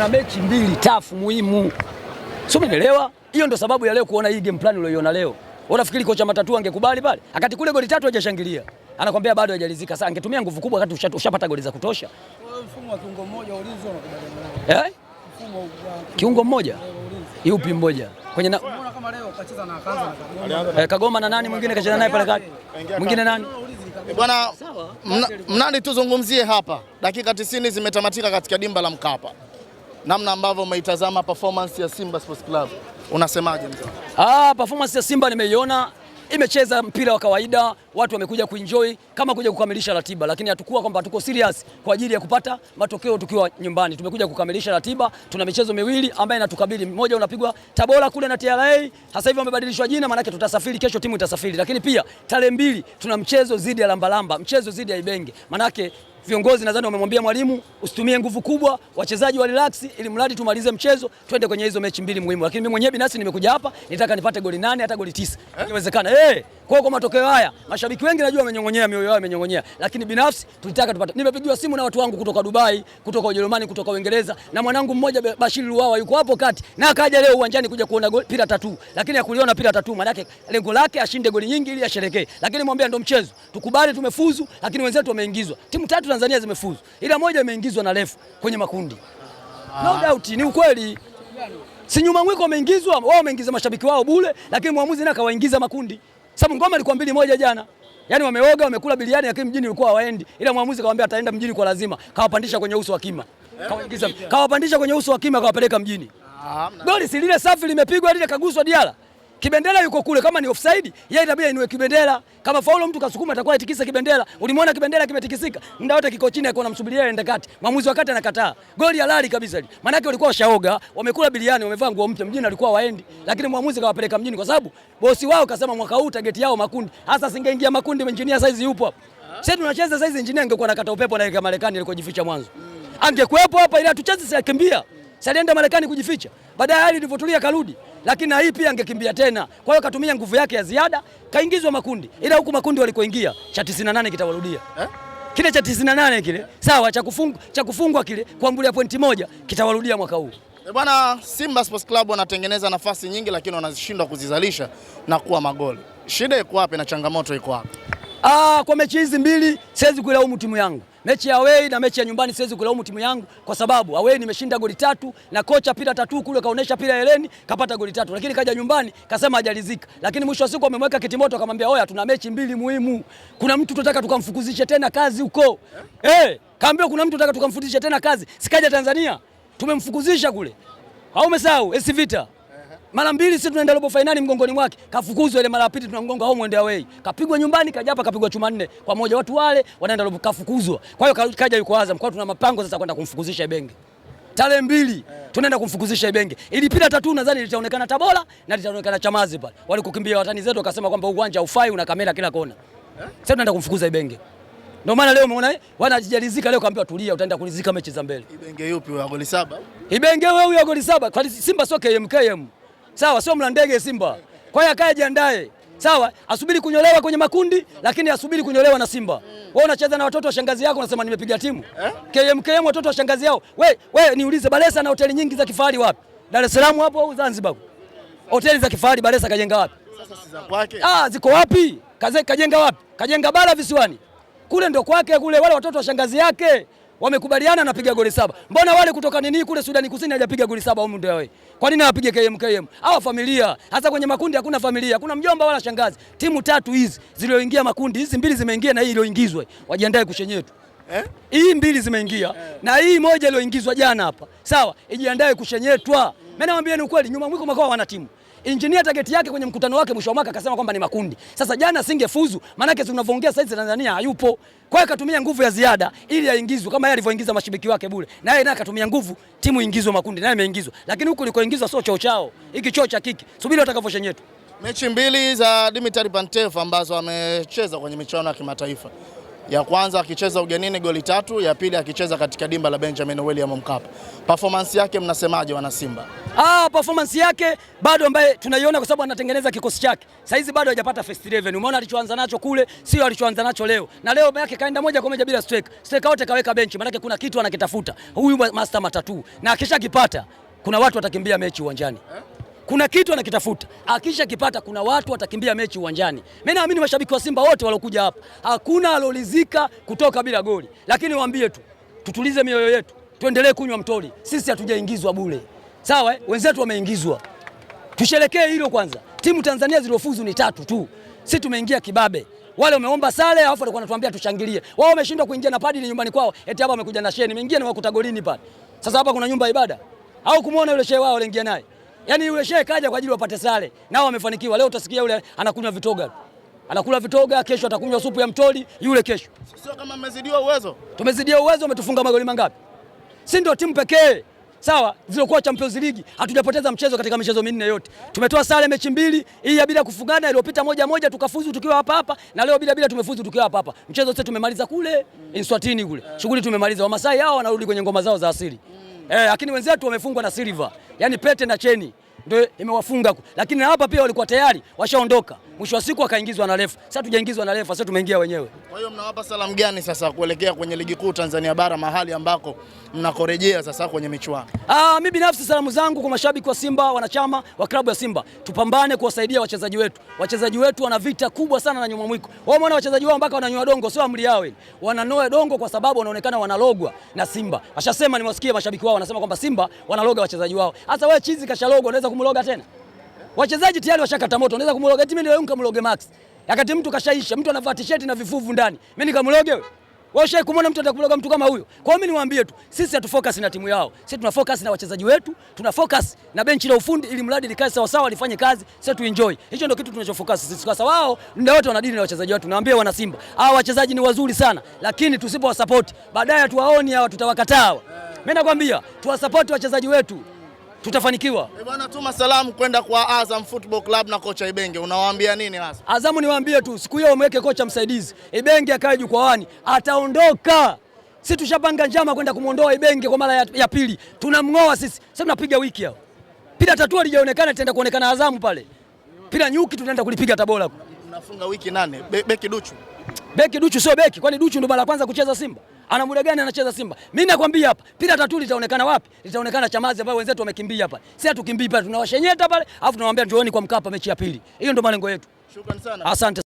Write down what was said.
tuna mechi mbili tafu muhimu, sio? Umeelewa? Hiyo ndio sababu ya leo kuona hii game plan uliyoiona leo. Unafikiri kocha matatu angekubali pale akati kule goli tatu hajashangilia, anakwambia bado hajalizika. Sasa angetumia nguvu kubwa wakati ushapata goli za kutosha. Mfumo wa kiungo mmoja ulinzi unakubaliana eh, mfumo wa kiungo mmoja eh, yupi mmoja kwenye na Unaona kama leo kacheza na Kagoma, eh, Kagoma na nani mwingine kacheza naye pale kati mwingine nani eh, bwana mnani, tuzungumzie hapa. Dakika 90 zimetamatika katika dimba la Mkapa namna ambavyo umeitazama performance ya Simba Sports Club unasemaje mzee? Ah, performance ya Simba nimeiona imecheza mpira wa kawaida, watu wamekuja kuenjoy kama kuja kukamilisha ratiba, lakini hatukuwa kwamba tuko serious kwa ajili ya kupata matokeo tukiwa nyumbani. Tumekuja kukamilisha ratiba, tuna michezo miwili ambayo inatukabili, mmoja unapigwa Tabora kule na TRA, sasa hivi wamebadilishwa jina, yake tutasafiri kesho, timu itasafiri, lakini pia tarehe mbili tuna mchezo zidi ya Lambalamba, mchezo zidi ya Ibenge, maanake viongozi nadhani wamemwambia mwalimu usitumie nguvu kubwa, wachezaji wa relax, ili mradi tumalize mchezo, twende kwenye hizo mechi mbili muhimu. Lakini mimi mwenyewe binafsi nimekuja hapa, nitaka nipate goli nane hata goli tisa, eh? inawezekana eh. Hey! Kwa hiyo kwa matokeo haya mashabiki wengi najua wamenyong'onyea, mioyo yao imenyong'onyea, lakini binafsi tulitaka tupate. Nimepigiwa simu na watu wangu kutoka Dubai, kutoka Ujerumani, kutoka Uingereza na mwanangu mmoja Bashir Luwawa yuko hapo kati na akaja leo uwanjani kuja kuona goli pira tatu, lakini hakuliona pira tatu. Maana yake lengo lake ashinde goli nyingi ili asherekee, lakini mwambie ndo mchezo, tukubali tumefuzu, lakini wenzetu wameingizwa. Timu tatu Tanzania zimefuzu, ila moja imeingizwa na refu kwenye makundi. No doubt ni ukweli. Si nyuma mwiko wameingizwa wao, wameingiza mashabiki wao bure, lakini mwamuzi naye akawaingiza makundi. Sababu ngoma ilikuwa mbili moja jana. Yaani wameoga wamekula biliani lakini mjini ulikuwa hawaendi. Ila mwamuzi kawaambia ataenda mjini kwa lazima. Kawapandisha kwenye uso wa kima. Kawaingiza. Kawapandisha kwenye uso wa kima kawapeleka mjini. Ah, Goli si lile safi limepigwa lile kaguswa Diala. Kibendera yuko kule, kama ni offside yeye itabidi ainue kibendera, kama faulo mtu kasukuma atakuwa itikisa kibendera. Ulimwona kibendera kimetikisika, muda wote kiko chini akiwa anamsubiria aende kati, mwamuzi wa kati anakataa. Goli halali kabisa ile, maana yake walikuwa washaoga, wamekula biliani, wamevaa nguo mpya, mjini alikuwa waendi, lakini mwamuzi kawapeleka mjini kwa sababu bosi wao kasema mwaka huu target yao makundi. Hasa singeingia makundi, injinia saizi yupo hapa, sasa tunacheza saizi, injinia angekuwa anakata upepo na Marekani alikojificha mwanzo, hmm. angekuwepo hapa, ila tucheze, siakimbia Si alienda Marekani kujificha, baadaye hali ilivyotulia karudi, lakini na hii pia angekimbia tena. Kwa hiyo katumia nguvu yake ya ziada, kaingizwa makundi, ila huku makundi walikoingia cha 98 kitawarudia eh? Kile cha 98 kile sawa, cha kufungwa cha kufungwa kile kuambulia pointi moja kitawarudia mwaka huu. E bwana, Simba Sports Club wanatengeneza nafasi nyingi, lakini wanashindwa kuzizalisha na kuwa magoli. Shida iko wapi na changamoto iko wapi? Ah, kwa mechi hizi mbili siwezi kuilaumu timu yangu Mechi ya away na mechi ya nyumbani siwezi kulaumu timu yangu kwa sababu away nimeshinda goli tatu na kocha pira tatu kule kaonesha pira eleni kapata goli tatu, lakini kaja nyumbani kasema hajalizika, lakini mwisho wa siku amemweka kitimoto akamwambia, oya, tuna mechi mbili muhimu, kuna mtu tunataka tukamfukuzishe tena kazi huko eh, hey, eh, kaambia kuna mtu tunataka tukamfukuzishe tena kazi, sikaja Tanzania tumemfukuzisha kule, au umesahau? AS Vita mara mbili sisi tunaenda robo fainali mgongoni mwake, kafukuzwa ile mara ya pili, tunamgonga home and away, kapigwa nyumbani, kaja hapa kapigwa chuma nne kwa moja, watu wale wanaenda robo, kafukuzwa. Kwa hiyo kaja yuko Azam, kwa tuna mapango sasa kwenda kumfukuzisha Ibenge tarehe mbili tunaenda kumfukuzisha Ibenge. Ilipita tatu nadhani litaonekana Tabora na litaonekana Chamazi pale. Walikukimbia watani zetu wakasema kwamba uwanja ufai una kamera kila kona. Sasa tunaenda kumfukuza Ibenge. Ndio maana leo umeona eh, wanajalizika leo kaambiwa tulia utaenda kulizika mechi za mbele. Ibenge yupi wa goli saba? Ibenge wewe wa goli saba. Kwa Simba sio KMKM sawa, sio mla ndege Simba. Kwa hiyo akae jiandae, sawa, asubiri kunyolewa kwenye makundi, lakini asubiri kunyolewa na Simba. Wewe unacheza na watoto wa shangazi yako, unasema nimepiga timu eh? KMKM watoto wa shangazi yao. We, we niulize, Balesa na hoteli nyingi za kifahari wapi? Dar es Salaam hapo au Zanzibar? Hoteli za kifahari Balesa kajenga wapi? Ah, ziko wapi? Kaze, kajenga wapi? Kajenga bara visiwani kule, ndio kwake kule, wale watoto wa shangazi yake wamekubaliana anapiga goli saba. Mbona wale kutoka nini kule Sudani Kusini hajapiga goli saba huko ndio wewe? Kwa nini apige KM KM? Hawa familia, hasa kwenye makundi hakuna familia, hakuna mjomba wala shangazi. Timu tatu hizi zilioingia makundi, hizi mbili zimeingia na hii iliyoingizwa. Wajiandae kushenyetu. Eh? Hii mbili zimeingia eh, na hii moja iliyoingizwa jana hapa. Sawa, ijiandae kushenyetwa. Mimi naambia ni ukweli, nyuma mwiko mkoa wana timu. Engineer target yake kwenye mkutano wake mwisho wa mwaka akasema kwamba ni makundi. Sasa jana singefuzu, maana yake tunavyoongea sasa Tanzania hayupo. Kwa hiyo akatumia nguvu ya ziada ili aingizwe kama yeye alivyoingiza mashabiki wake bure. Na yeye naye akatumia nguvu timu ingizwe makundi, naye ameingizwa. Lakini huko ilikoingizwa sio chao chao. Hiki chao cha kiki. Subiri watakavoshenyetu. Mechi mbili za Dimitri Pantev ambazo amecheza kwenye michuano ya kimataifa ya kwanza akicheza ugenini goli tatu, ya pili akicheza katika dimba la Benjamin William Mkapa. Performance yake mnasemaje wana Simba? Ah, performance yake bado ambaye tunaiona kwa sababu anatengeneza kikosi chake. Saizi bado hajapata first 11. Umeona alichoanza nacho kule, sio alichoanza nacho leo. Na leo yake kaenda moja kwa moja bila strike. Strike wote kaweka benchi, maana kuna kitu anakitafuta. Huyu master matatu. Na akishakipata kuna watu watakimbia mechi uwanjani. Eh? kuna kitu anakitafuta, akisha kipata, kuna watu watakimbia mechi uwanjani. Mimi naamini mashabiki wa Simba wote waliokuja hapa hakuna alolizika kutoka bila goli, lakini waambie tu tutulize mioyo yetu, tuendelee kunywa mtori. Sisi hatujaingizwa bure, sawa? Eh? Wenzetu wameingizwa, tusherekee hilo kwanza. Timu Tanzania zilizofuzu ni tatu tu, si tumeingia kibabe wale wameomba sare, alafu walikuwa wanatuambia tushangilie. Wao wameshindwa kuingia na padri nyumbani kwao, eti hapa wamekuja na sheni. nimeingia na wakuta golini pale. Sasa hapa kuna nyumba ibada au kumuona yule shehe wao aliingia naye Yaani yule shehe kaja kwa ajili wapate sare. Nao wamefanikiwa. Leo utasikia yule anakunywa vitoga. Anakula vitoga, kesho atakunywa supu ya mtoli, yule kesho. Sio kama mmezidiwa uwezo. Tumezidiwa uwezo, umetufunga magoli mangapi? Si ndio timu pekee sawa zilikuwa Champions League hatujapoteza mchezo katika michezo minne yote. Tumetoa sare mechi mbili, hii ya bila kufungana iliyopita moja moja tukafuzu tukiwa hapa hapa na leo bila bila tumefuzu tukiwa hapa hapa. Mchezo sote tumemaliza kule Inswatini kule. Shughuli tumemaliza. Wamasai hao wanarudi kwenye ngoma zao za asili. Mm. Eh, lakini wenzetu wamefungwa na silver. Yaani pete na cheni ndio imewafunga, huko, lakini hapa pia walikuwa tayari washaondoka, mwisho wa siku akaingizwa na refa. Sasa tujaingizwa na refa, sasa tumeingia wenyewe. Kwa hiyo mnawapa salamu gani sasa kuelekea kwenye ligi kuu Tanzania bara mahali ambako mnakorejea sasa kwenye michuano? Ah, mimi binafsi salamu zangu kwa mashabiki wa Simba, wanachama wa klabu ya Simba, tupambane kuwasaidia wachezaji wetu. Wachezaji wetu wana vita kubwa sana na nyuma mwiko wao, maana wachezaji wao mpaka wananyoa dongo, sio amri yao, ile. wananoa dongo kwa sababu wanaonekana wanalogwa na Simba. Ashasema nimewasikia mashabiki wao wanasema kwamba Simba wanaloga wachezaji wao. Hata wewe chizi kashalogwa unaweza unaweza kumloga tena? Wachezaji tayari washakata moto, unaweza kumloga eti mimi leo nikamloge Max. Yakati mtu kashaisha, mtu anavaa t-shirt na vifuvu ndani. Mimi nikamloge wewe? Wewe ushai kumwona mtu atakuloga mtu kama huyo? Kwa hiyo mimi niwaambie tu, sisi hatufocus na timu yao. Sisi tuna focus na wachezaji wetu, tuna focus na benchi la ufundi ili mradi likae sawa sawa, lifanye kazi, sisi tu enjoy. Hicho ndio kitu tunachofocus sisi. Kwa sababu wao ndio wote wanadili na wachezaji wetu. Naambia wana Simba, hawa wachezaji ni wazuri sana, lakini tusipowasupport, baadaye tuwaoni hawa tutawakataa. Mimi nakwambia, tuwasupport wachezaji wetu tutafanikiwa. Eh bwana, tuma salamu kwenda kwa Azam Football Club na kocha Ibenge, unawaambia nini hasa? Azamu niwaambie tu, siku hiyo umweke kocha msaidizi Ibenge akae jukwani, ataondoka. Sisi tushapanga njama kwenda kumwondoa Ibenge kwa mara ya, ya pili, tunamng'oa sisi. Sasa tunapiga wiki hapo. pila tatua lijaonekana, tenda kuonekana Azamu pale pila nyuki, tunaenda kulipiga Tabora. Unafunga wiki nane, beki duchu, beki duchu sio beki, kwani duchu ndo mara ya kwanza kucheza Simba? ana muda gani anacheza Simba? Mimi nakwambia hapa, pira tatu litaonekana wapi? Litaonekana Chamazi ambao wenzetu wamekimbia hapa. Sisi hatukimbii pale, tunawashenyeta pale, afu tunawaambia njooni kwa Mkapa mechi ya pili. Hiyo ndio malengo yetu. Shukrani sana. Asante.